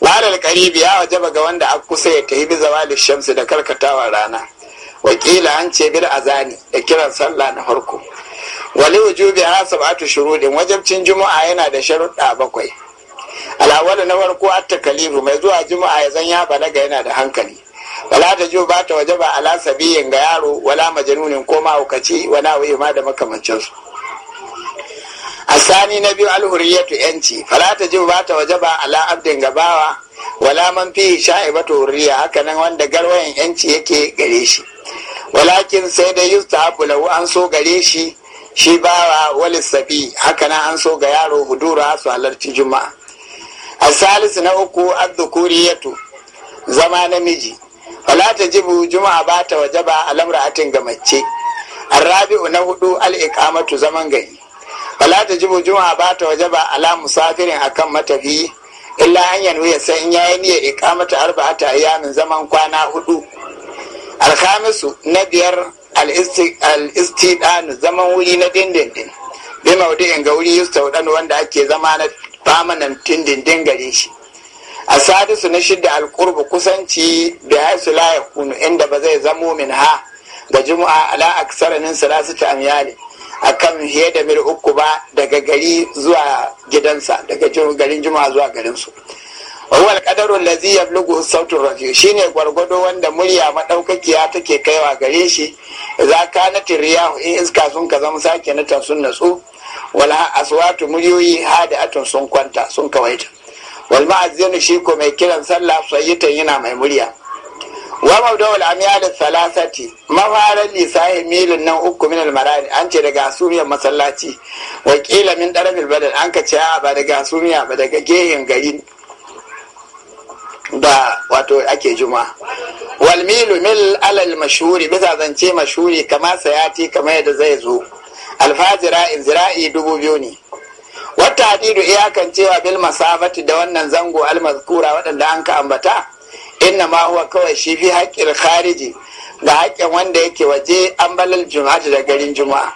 walal qaribi ya wajaba ga wanda a kusa ya tahi bi da shamsi da karkatawa rana wakila an ce a azani da kiran sallah na farko wali wujubi ha shuru wajen wajabcin juma'a yana da sharuɗa bakwai alawala na farko ta kalibu mai zuwa juma'a ya zan ya balaga yana da hankali wala da ju ba ta wajaba ala sabiyin ga yaro wala majanunin ko mahaukaci wala wuyi ma da makamancinsu asani na biyu alhuriyatu yanci fala ta ji ba ta waje ba ala abdin gabawa wala man fi sha'ibatu hurriya haka nan wanda garwayan yanci yake gare shi walakin sai da yustahabu lahu an so gare shi shi bawa wali sabi haka nan an so ga yaro hudura su halarci juma'a a salisu na uku kur'iyatu zama namiji wala jibu juma'a ba ta waje ba atin ga mace arrabi'u na hudu al'iqamatu zaman gari wala ta jibu juma'a ba ta waje ba ala musafirin akan matafi illa an yanwi ya san yayi niyyar iqamata arba'ata ayyamin zaman kwana hudu alkhamisu na biyar al-istidanu zaman wuri na dindindin bi maudu'in ga wuri yustaudan wanda ake zama na famanan dindindin gare shi a sadisu na shidda alkurbu kusanci da haisu la yakunu inda ba zai zamo min ha ga juma'a ala aksaranin salasita amyali akan fiye da mil uku ba daga gari zuwa gidansa daga garin juma'a zuwa garinsu da zai yabi lugu sautin rafi ne gwargwado wanda murya maɗaukakiya take kaiwa gare shi za ka na tiriyahu in iska sun ka zama sake na tan sun natsu Wani aswatu muryoyi atun sun kwanta sun kawaita wal ma'azinu shi ko mai kiran sallah sayyitan yana mai murya wa mabdawul amyal salasati mafarar lisahi milin nan uku min almarari an ce daga asumiyar masallaci wakila min darabil badal an ka ce ba daga asumiya ba daga gehen gari da wato ake juma wal milu mil alal mashuri bisa zance mashuri kama sayati kama yadda zai zo alfajira in zira'i dubu biyu ne wata hadidu iyakan cewa bil masabati da wannan zango almazkura waɗanda an ka ambata inna ma huwa kawai shi fi haƙƙin khariji ga haƙƙin wanda yake waje an balal juma'a da garin juma'a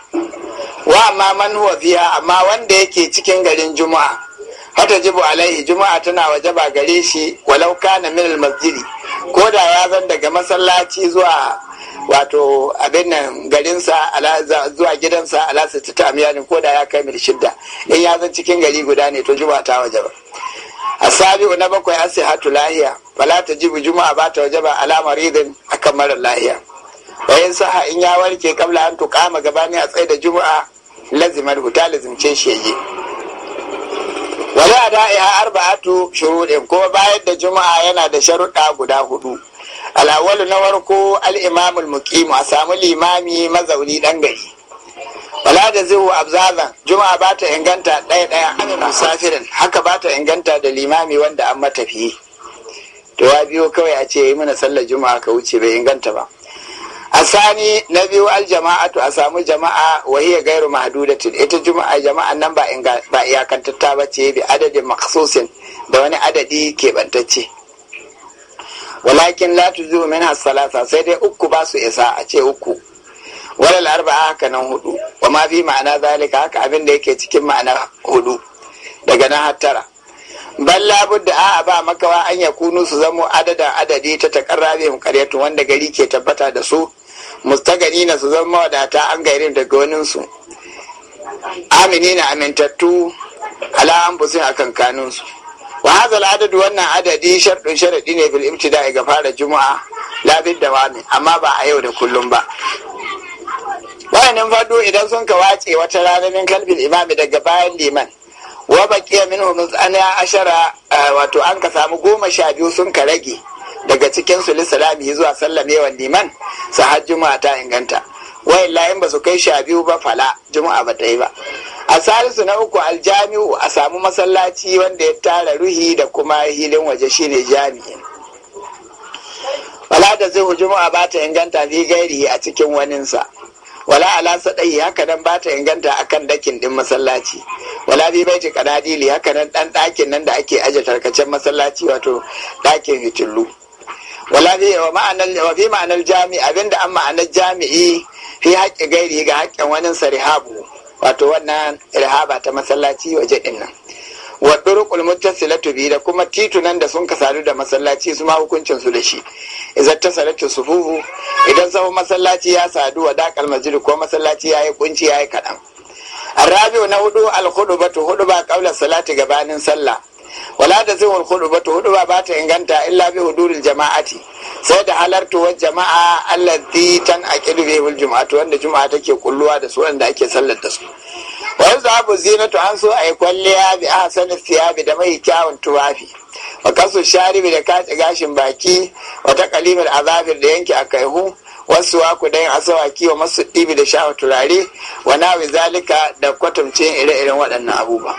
wa amma man huwa fiya amma wanda yake cikin garin juma'a hata jibu alaihi juma'a tana waje ba gare shi walau kana min masjidi ko da ya zan daga masallaci zuwa wato abin nan garin sa zuwa gidansa ala sittata amyalin ko da ya kai mil shidda in ya zan cikin gari guda ne to juma'a ta waje ba. asabi'u na bakwai an sai hatu lahiya bala ta jibu juma'a ba ta wajaba alamar idin akan marar lahiya bayan saha in ya warke kabla an tukama gabani a tsaye da juma'a lazimar huta lazimce shi ya wala a arba'atu shuruɗin kuma bayan da juma'a yana da sharuɗa guda hudu alawalu na warko alimamul muqim a samu limami mazauni dan gari wala da zihu abzaza juma'a ba ta inganta ɗaya ɗaya ana musafirin haka ba ta inganta da limami wanda an matafi. to wa biyo kawai a ce yi mana sallar juma'a ka wuce bai inganta ba asani na biyu to a samu jama'a wahiya gairu mahdudatin ita juma'a jama'an nan ba ba iyakantatta ba ce bi adadin makasusin da wani adadi keɓantacce walakin la tuzu min salasa sai dai uku ba su isa a ce uku walal arba'a haka nan hudu wa ma fi ma'ana zalika haka abin da yake cikin ma'ana hudu daga nan hattara bal da a ba makawa an yakunu su zamo adadan adadi ta takarrabin karyatu wanda gari ke tabbata da su mustagani na su zama wadata an gairin daga waninsu amini na amintattu ala an busin akan kanunsu wa hazal adadu wannan adadi sharɗin sharaɗi ne bil ibtida'i ga fara juma'a bid da amma ba a yau da kullum ba wayannan fado idan sun ka wace wata rana min kalbin imami daga bayan liman wa baqiya minhum ashara wato an ka samu goma sha biyu sun ka rage daga cikin su lissalami zuwa sallamewan liman su har juma'a ta inganta wayan layin ba su kai sha biyu ba fala juma'a ba ta yi ba a salisu na uku aljami'u a samu masallaci wanda ya tara ruhi da kuma hilin waje shine jami'in wala da zai juma'a ba ta inganta fi gairi a cikin waninsa wala ala sadai haka nan ba ta inganta akan dakin din masallaci wala bi baiti qadadili haka nan dan dakin nan da ake aje tarkacen masallaci wato dakin hitillu wala bi wa ma'anal wa bi ma'anal abinda an ma'anar jami'i fi haƙƙi gairi ga haƙƙin wani sarihabu wato wannan irhaba ta masallaci waje din wa turuqul muttasilatu bi da kuma titunan da sun sadu da masallaci su ma hukuncin su da shi idan tasalatu sufuhu idan sabon masallaci ya sadu wa dakal masjid ko masallaci ya yayi kunci yayi kadan الرابع نهدو الخطبة ba قبل salati gabanin sallah. wala da zai ba ta hudu ba ta inganta illa bi hudurin jama'ati sai da halartuwar jama'a allati tan aqidu bihi al juma'atu wanda juma'a take kulluwa da su wanda ake sallar da su wa yuzabu zinatu an so ay kwalliya bi ahsani thiyabi da mai kyawun tuwafi wa kasu sharibi da kace gashin baki wa taqlimil azabir da yanki yanke kaihu wasu waku dan asawaki wa masu ɗibi da shawa turare wa nawi zalika da kwatance ire-iren waɗannan abubuwa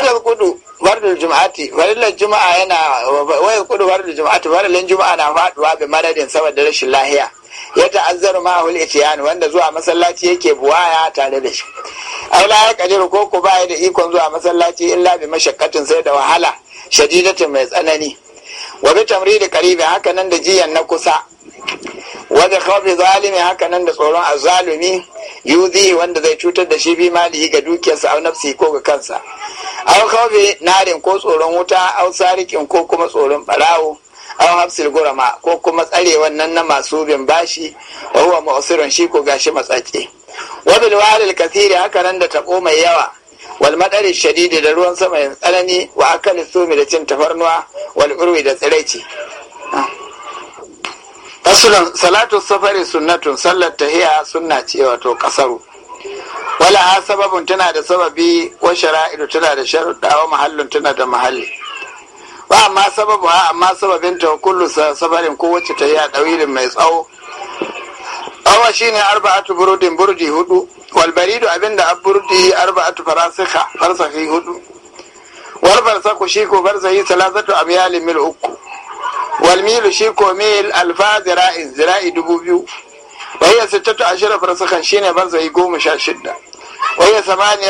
wadda kudu wardul juma'a yana waya kudu wardul juma'ati farillar juma'a na faduwa bi maradin saboda rashin lahiya ya ta'azzaru ma hul itiyan wanda zuwa masallaci yake buwaya tare da shi aula ya kadir ko ku ba da ikon zuwa masallaci illa bi mashakkatin sai da wahala shadidatin mai tsanani wa bi tamridi qaribi haka nan da jiyan na kusa wa bi khawfi zalimi haka nan da tsoron azzalumi yuzi wanda zai cutar da shi bi malihi ga dukiyarsa au nafsi ko ga kansa Au kawbe narin ko tsoron wuta au sarikin ko kuma tsoron barawo au hafsil gurama ko kuma tsare wannan na masu bin bashi wa huwa mu'sirun shi ko gashi matsake wadda da walil kasiri haka nan da tabo mai yawa wal madari shadidi da ruwan sama ya tsanani wa akali sumi da cin tafarnuwa wal urwi da tsiraici Fasulan salatu safari sunnatun sallar tahiya sunna ce wato kasaru wala ha sababin tana da sababi wa shara'idu tana da sharuɗa wa mahallin tana da mahalli ba amma sababu ha amma sababin ta kullu sabarin ko wacce ta yi a ɗawirin mai tsawo awa shine arba'atu burudin burudi hudu wal baridu abinda a burdi arba'atu farasika farsafi hudu wal farsaku shi ko farsahi salasatu amyalin mil uku wal milu shi ko mil alfa zira'i zira'i dubu biyu wa hiya sittatu ashara farsakan shine yi goma sha shidda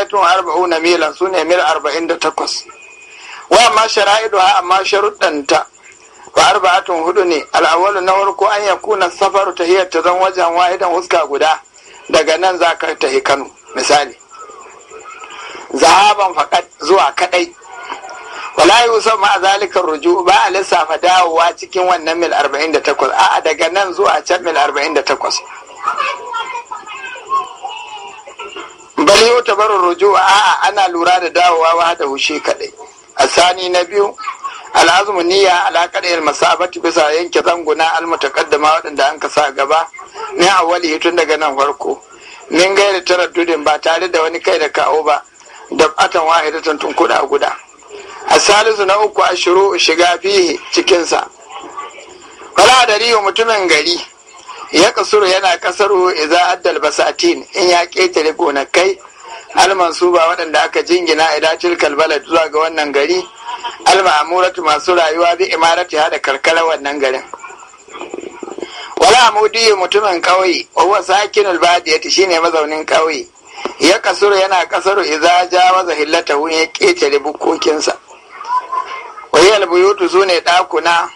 tun arba'u na milan su ne mil arba'in da takwas wa amma shara'idu ha amma sharuɗanta wa tun hudu ne al'awalu na farko an ya kuna safaru ta hiyar ta zan wajen idan huska guda daga nan za ka tahi kano misali zahaban faƙat zuwa kaɗai wala yusuf ma zalika ruju ba a lissafa dawowa cikin wannan mil takwas. a'a daga nan zuwa can mil takwas. bari yau barin rujuwa a'a ana lura da dawowa da hushe kaɗai. a sani na biyu al'azumin niyya ala kadai masabati bisa yanke zanguna almutaqaddama waɗanda an ka sa gaba ne wali tun daga nan farko min gaira dudin ba tare da wani kai da kawo ba da atan wahidatan tun kuɗa guda a salisu na uku a shiru shiga fihi cikinsa wala dari mutumin gari ya kasuru yana kasaru idza addal basatin in ya ketare gonakai ba waɗanda aka jingina ila tilkal balad zuwa ga wannan gari almamuratu masu rayuwa bi imarati haɗa karkarar wannan garin wala amudi mutumin ƙauye, huwa sakin albadiyati shine mazaunin ƙauye. ya kasuru yana kasaru idza jawaza hillatahu ya ketare bukokinsa wayal buyutu sune dakuna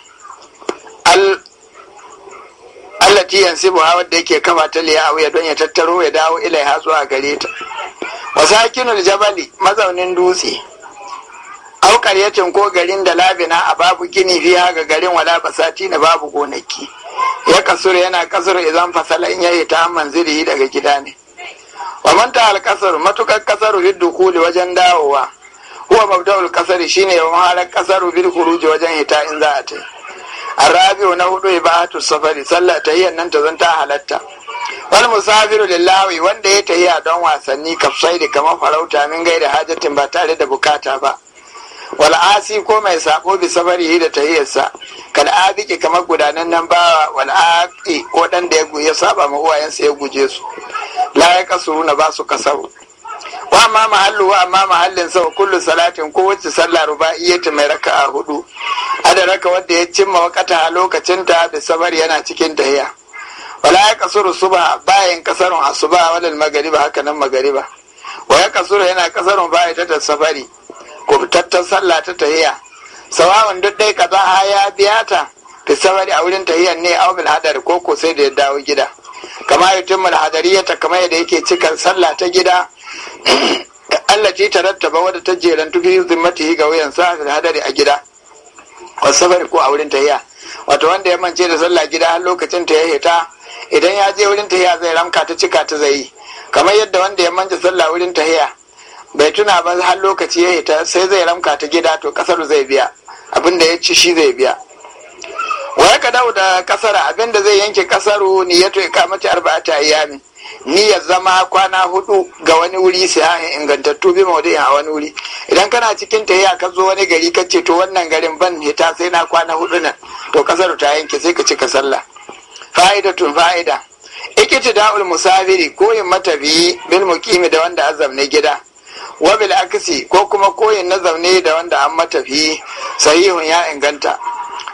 al allati yansibuha da yake kama ta liya don ya tattaro ya dawo hatsu a gare ta Wasu wasakinul jabali mazaunin dutse aukar ya ko garin da labina a babu gini fiya ga garin wala basati na babu gonaki ya kasur yana kasur idan fasala in yayi ta manzili daga gida ne wa manta al kasar matukar kasar hiddukuli wajen dawowa huwa mabda'ul kasar shine wa mahalar kasar bil wajen ita in za a tai A Rabi'u na hudu ibatu safari sallah tahiyyar nan ta zan ta halatta wal musafiru lillahi wanda ya tahiya don wasanni kafsai da kamar farauta min gaida hajatin ba tare da bukata ba wal asi ko mai sako bi safari da tahiyyarsa kal abiki kamar gudanan nan bawa wal aqi ko dan da ya saba ma uwayensa ya guje su la ya kasu na ba su kasaru wa ma mahallu wa amma mahallin sa wa kullu salatin ko wacce sallah ta mai raka a hudu adaraka wanda ya cimma wakata a lokacin ta da sabar yana cikin tahiya wala ya kasuru suba bayan kasarun asuba walal magariba haka nan magariba wa ya kasuru yana kasarun bayan ta safari kubtattar sallah ta tahiya sawawan duk dai kaza ya biya ta fi safari a wurin tahiyar ne a bil hadar ko ko sai da ya dawo gida kama yutimul hadariyata kama yadda yake cikar sallah ta gida ta rattaba wadda ta jerantu fi zimmatihi ga sa da hadari a gida safari ko a wurin tahiya wato wanda ya mance da sallah gida har lokacin ta ya idan ya je wurin tahiya zai ramka ta cika ta zai kamar yadda wanda ya mance sallah wurin tahiya bai tuna ba har lokaci ya ta sai zai ramka ta gida to kasar zai biya abin da ya ci shi zai biya waya ka dawo da kasara abin da zai yanke kasaru ni ya to ikamati arba'ata ayyamin niyyar zama kwana hudu ga wani wuri sai ingantattu bi maudin a wani wuri idan kana cikin tahiya ka zo wani gari ka ce to wannan garin ban hita sai na kwana hudu nan to kasar ta yanke sai ka cika sallah fa'idatun fa'ida ikiti da'ul musafiri koyin matafiyi bil muqimi da wanda azamne gida wa bil aksi ko kuma koyin na zaune da wanda an matafiyi sahihun ya inganta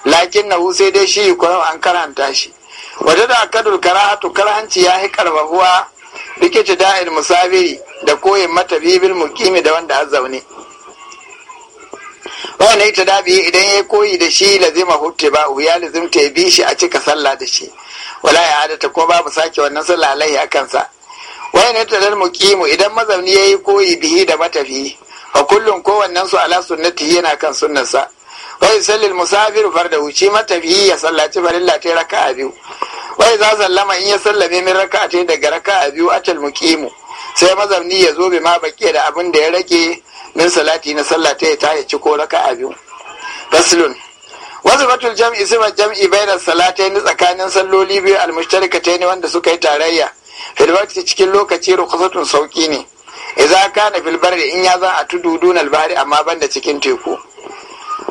lakin na sai dai shi ko an karanta shi waje da kadul karahatu hanci ya yi karbabuwa rikici da'il musafiri da koyin mata bibil mukimi da wanda an zaune wani ita da biyu idan ya koyi da shi lazima hutte ba ya lazimta ya bi shi a cika sallah da shi wala ya adata ko babu sake wannan sallah alaihi a kansa wani ita da mukimu idan mazauni yayi koyi bihi da matafi a kullum wannan su ala sunnati yana kan sunnarsa wa yusalli al-musafir wuce mata biyi ya sallaci farilla ta a biyu wa za sallama in ya sallame min raka ta daga raka a biyu a atal mukimu sai mazamni ya zo bi ma bakiya da abin da ya rage min salati na sallata ta ta ya ci ko a biyu Wasu batul jam'i sifar jam'i bai da salatai ni tsakanin salloli biyu ta ne wanda suka yi tarayya filbarci cikin lokaci rukusatun sauki ne ka kana filbar da in ya za a tudu dunar bari amma banda cikin teku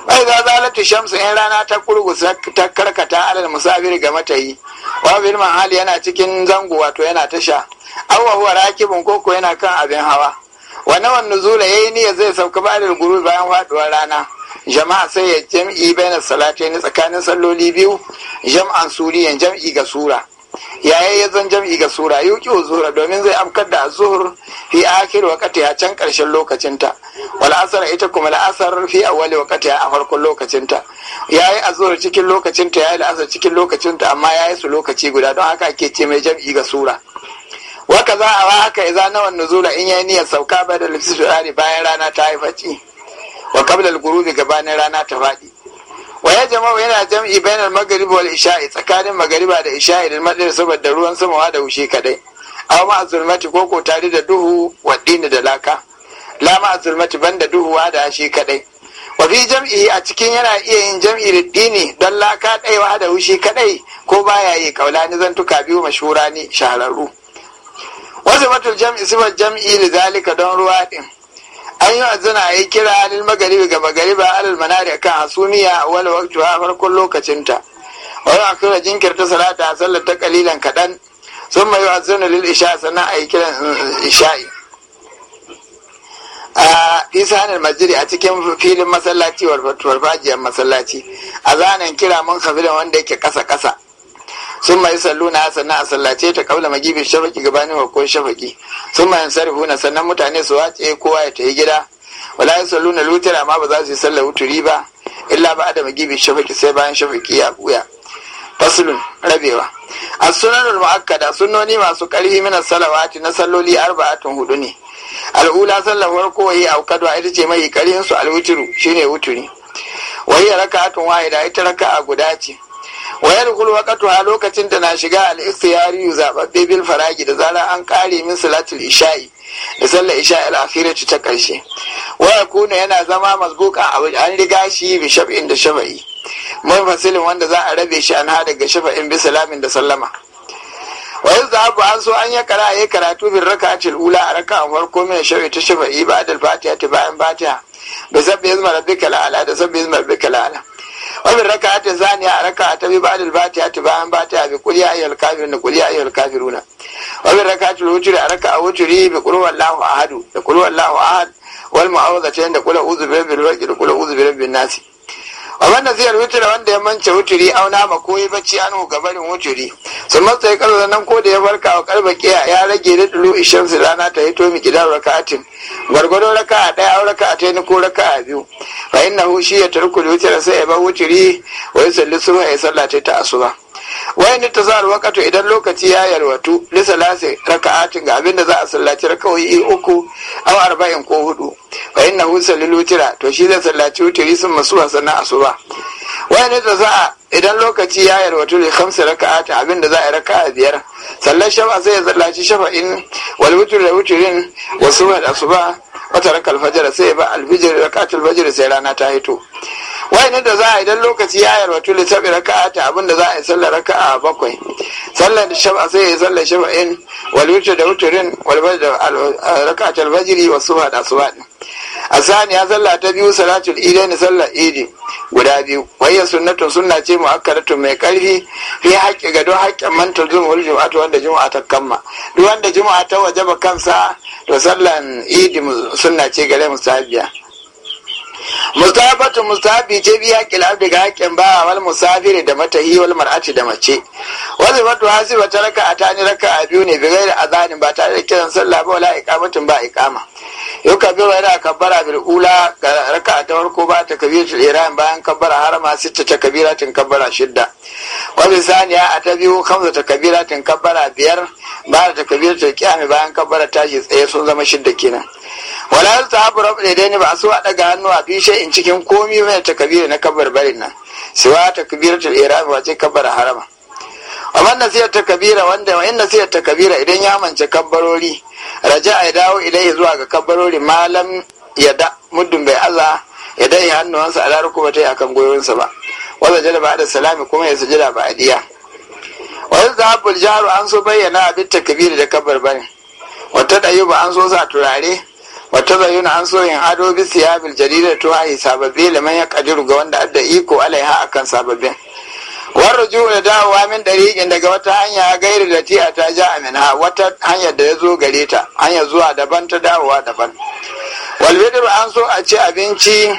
wai za zalata shamsu in rana ta kurgu ta karkata alal musafir ga matayi wa bil mahal yana cikin zango wato yana tasha awwa huwa rakibun koko yana kan abin hawa wa nawan nuzula yayi ne zai sauka da gurbi bayan faduwar rana jama'a sai ya jam'i bayan ne tsakanin salloli biyu jam'an suriyan jam'i ga sura yaya ya zan jam'i ga sura yuqi zuhra domin zai amkar da zuhur fi akhir waqti a can karshen lokacinta wal asar ita kuma al asar fi wa waqti a farkon lokacinta Ya yayi azhur cikin lokacinta yayi yi asar cikin lokacinta amma ya yi su lokaci guda don haka ake ce mai jam'i ga sura waka za a wa haka na nawa zura in yayi niyyar sauka ba da lissu bayan rana ta yi faci wa qabla al ghurubi gabanin rana ta faɗi. wa ya jama'u yana jam'i bainar maghrib wal isha'i tsakanin magariba da isha'i da madar saboda ruwan sama wa da wuce kadai amma ma ko ko tare da duhu wa da laka la ma azulmati banda duhu da shi kadai wa fi jam'i a cikin yana iya yin jam'i da dini don laka dai wa da wuce kadai ko baya yi zan tuka biyu mashhura ni shahararru wasu matul jam'i sifar jam'i da don ruwa din an yi azana a yi kira halin magaribi ga magariba alal manari kan hasumiya wani waktu a farkon lokacinta wani akira jinkirta salata a sallar ta kalilan kaɗan sun mai wa azana lil isha sannan a yi kiran eh, isha'i a isanin majiri a cikin filin masallaci warfajiyar masallaci a zanen kira mun da wanda yake kasa kasa sun ma na hasan a sallace ta kaula magibi shafaki gabanin wa ko shafaki sun ma na sannan mutane su wace kowa ya tafi gida wala na lutura amma ba za su yi sallar wuturi ba illa ba da magibi shafaki sai bayan shafaki ya buya fasulun rabewa a sunanar mu'akkada sunoni masu karfi mina salawati na salloli arba'atun hudu ne al'ula sallar farko wayi aukadwa ita ce mai karfin su alwuturu shine wuturi Wai ya wayi raka'atun wahida ita raka'a guda ce wayar wakatu a lokacin da na shiga al-ikhtiyari zababbe bil faragi da zara an kare min salatul isha'i da sallar isha'i al ci ta karshe waya kuna yana zama mazbuka an riga shi bi shab'in da shafa'i fasilin wanda za a rabe shi an hada ga shafa'in bi salamin da sallama wai za ku an so an ya kara ya karatu bin raka a ula a raka a farko mai shari'a ta shafa'i ba da fatiha ta bayan fatiha da sabbi yazma rabbika da sabbi yazma rabbika wabin raka ta zaniya a raka ta bi ba'dal batiya ta bayan batiya bi qul ya ayyuhal kafirun da qul ya ayyuhal kafiruna wabin raka ta wutri a raka wutri bi qul wallahu ahad da qul wallahu ahad wal mu'awwidhatayn da qul a'udhu bi rabbil falaq da qul a'udhu bi rabbin nas a wannan ziyar wutura wanda ya mance wuturi auna ma ko ya bacci an ga barin wuturi sun masa ya kalba nan ko da ya barka wa kalba kiya ya rage da dulu ishan su rana ta hito mi gidan raka'atin raka raka'a daya au raka'a ta ko raka'a biyu fa hu shi ya tarku wutura sai ya bar wuturi wa yusalli sun ya sallata ta asuba wayan ta za wakatu idan lokaci ya yalwatu lisalasi raka'atin ga abinda za a sallaci raka'o'i uku aw arba'in ko hudu fa innahu sallu tira to shi zai sallaci wutiri sun masuwa sannan asuba wayan ta za a idan lokaci ya yalwatu li khamsi raka'atin abinda za a raka'a biyar sallar shafa sai ya sallaci shafa'in wal wutr da wutrin wa suwa da asuba wata rakal fajr sai ba al fajr raka'atul fajr sai rana ta hito wayannan da za a idan lokaci ya yarwatu littafi raka'a ta abinda za a yi sallar raka'a bakwai sallar da shafa sai ya yi sallar shafa'in wal wuce da wuturin raka'a ta alfajiri wa suba da suba a saniya sallar ta biyu salatul idain sallar idi guda biyu wayya sunnatun sunna ce mu mu'akkadatun mai karfi fi haƙƙi ga don haƙƙin man tulzum wal jumu'atu wanda jumu'a ta kamma duk wanda jumu'a ta wajaba kansa to sallar idi sunna ce gare mu sabiya mustabatu mustafi ce biya kilab daga haƙƙin ba wal musafiri da matahi wal mar'ati da mace wani wato hasi wata raka a tani raka a biyu ne bigai da azanin ba tare da kiran sallah ba wala iqamatin ba iqama yau kabiru yana kabbara bil ula raka ta farko ba ta kabiratul iran bayan kabbara ma sita ta kabiratin kabbara shidda wani saniya a ta biyu kamsa ta kabiratin kabbara biyar ba da ta kabiratul kiyami bayan kabbara tashi tsaye sun zama shidda kenan wala yal ta habu rabu daidai ne ba a so a daga hannu a fishe in cikin komi mai takabira na kabar barin nan siwa takbiratul ba ce kabar harama amma nasiyar takabira wanda wa in nasiyar takabira idan ya mance kabbarori raja ya dawo idan ya zuwa ga kabbarori malam ya da muddin bai Allah ya dai hannuwansa a laruku ba ta yi akan goyonsa ba wanda jada ba da salami kuma ya sujada ba diya wani zahabul jaru an so bayyana abin Kabiru da kabar bane wata ɗayu ba an so sa turare wata zayyuna an so yin ado bi bil jarida to a yi sababbi liman ya kadiru ga wanda adda iko alaiha akan sababbin war ruju da dawowa min dariqin daga wata hanya gairi da ti ta ja minha wata hanyar da ya zo gare ta hanya zuwa daban ta dawowa daban wal bidru an so a ci abinci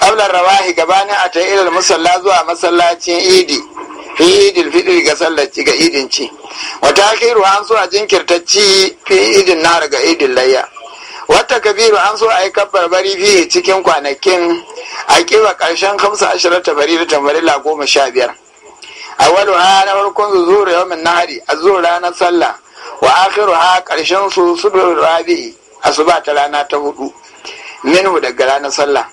qablar rawahi gabanin a ta ilal musalla zuwa masallacin idi fi idil ga sallaci ga idin ci wata akhiru an so a jinkirta ci fi idin nar ga idil layya wata kabiru an so a yi kabbar bari fiye cikin kwanakin a kiwa ƙarshen kamsa ashirar ta bari da tamarila goma sha biyar a wani na farkon su yawon nahari a zuwa ranar sallah wa akhiru ha ƙarshen su su biyu, a su ba ta rana ta hudu minhu daga ranar sallah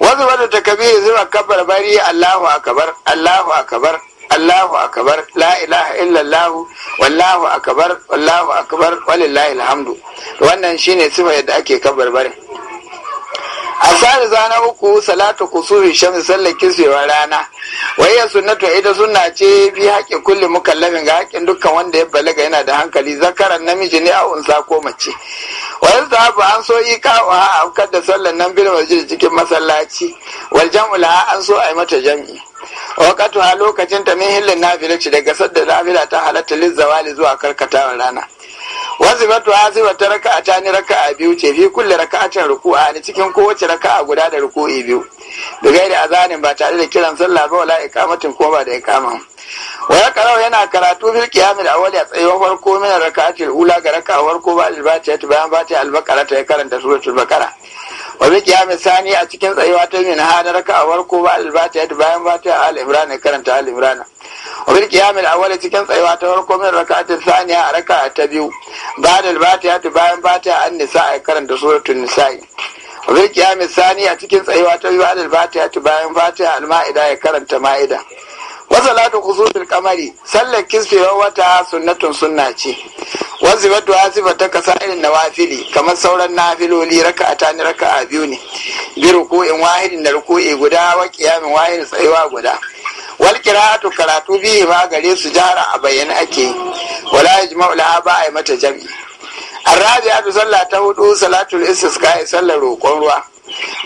wasu wadda ta kabiru zuwa kabbar bari allahu akabar allahu akabar Allahu akabar! la ilaha illallahu wallahu akabar! wallahu akabar! walillahi alhamdu wannan shine sifa yadda ake A asali zana uku salatu kusuri shamsi sallar kiswewa rana wayya sunnatu ita sunna ce fi haƙƙin kulli mukallafin ga haƙƙin dukkan wanda ya balaga yana da hankali zakaran namiji ne a unsa ko mace wayan ba an so yi ka a aukar da sallar nan bil masjid cikin masallaci wal jam'u an so a yi mata jam'i wakatu a lokacin ta min hillin da daga sadda nafila ta halatta lizzawali zuwa karkatawar rana wasu batu a sai wata raka'a ta ni raka'a biyu ce fi kulle can ruku'a a cikin kowace raka'a guda da ruku'i biyu da azanin ba tare da kiran sallah ba wala ikamatin ko ba da ikama wa ya karau yana karatu fil qiyamil awwali a tsayuwar farko min raka'atil ula ga raka'awar farko ba al-fatiha bayan fatiha al-baqara ta karanta suratul baqara wa bi sani a cikin tsayuwa ta min hada raka'a warko ba albata fatiha bayan ta al-imran karanta al-imran wa bi kiyamin a awwal cikin tsayuwa ta warko min raka'atin saniya a a ta biyu ba da albata fatiha bayan fatiha an-nisa karanta suratul nisa wa bi sani a cikin tsayuwa ta biyu ba da al-fatiha bayan fatiha al-ma'ida ya karanta ma'ida wazalatu khusufil Sallan sallar kisfewar wata sunnatun sunna ce wazibatu asifa ta kasa irin nawafili kamar sauran nafiloli raka'a ni a biyu ne bi ruku'in wahidin da ruku'i guda wa qiyamin wahidin tsayuwa guda wal qira'atu karatu bihi ma gare su jara a bayyana ake wala yajma'u la ba ai mata jami'i الرابعة صلاة hudu salatul istisqa'i sallar roƙon ruwa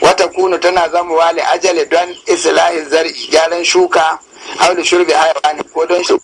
wata kunu tana zama wale ajali don islahin zar'i gyaran shuka haulu shurbi ne ko don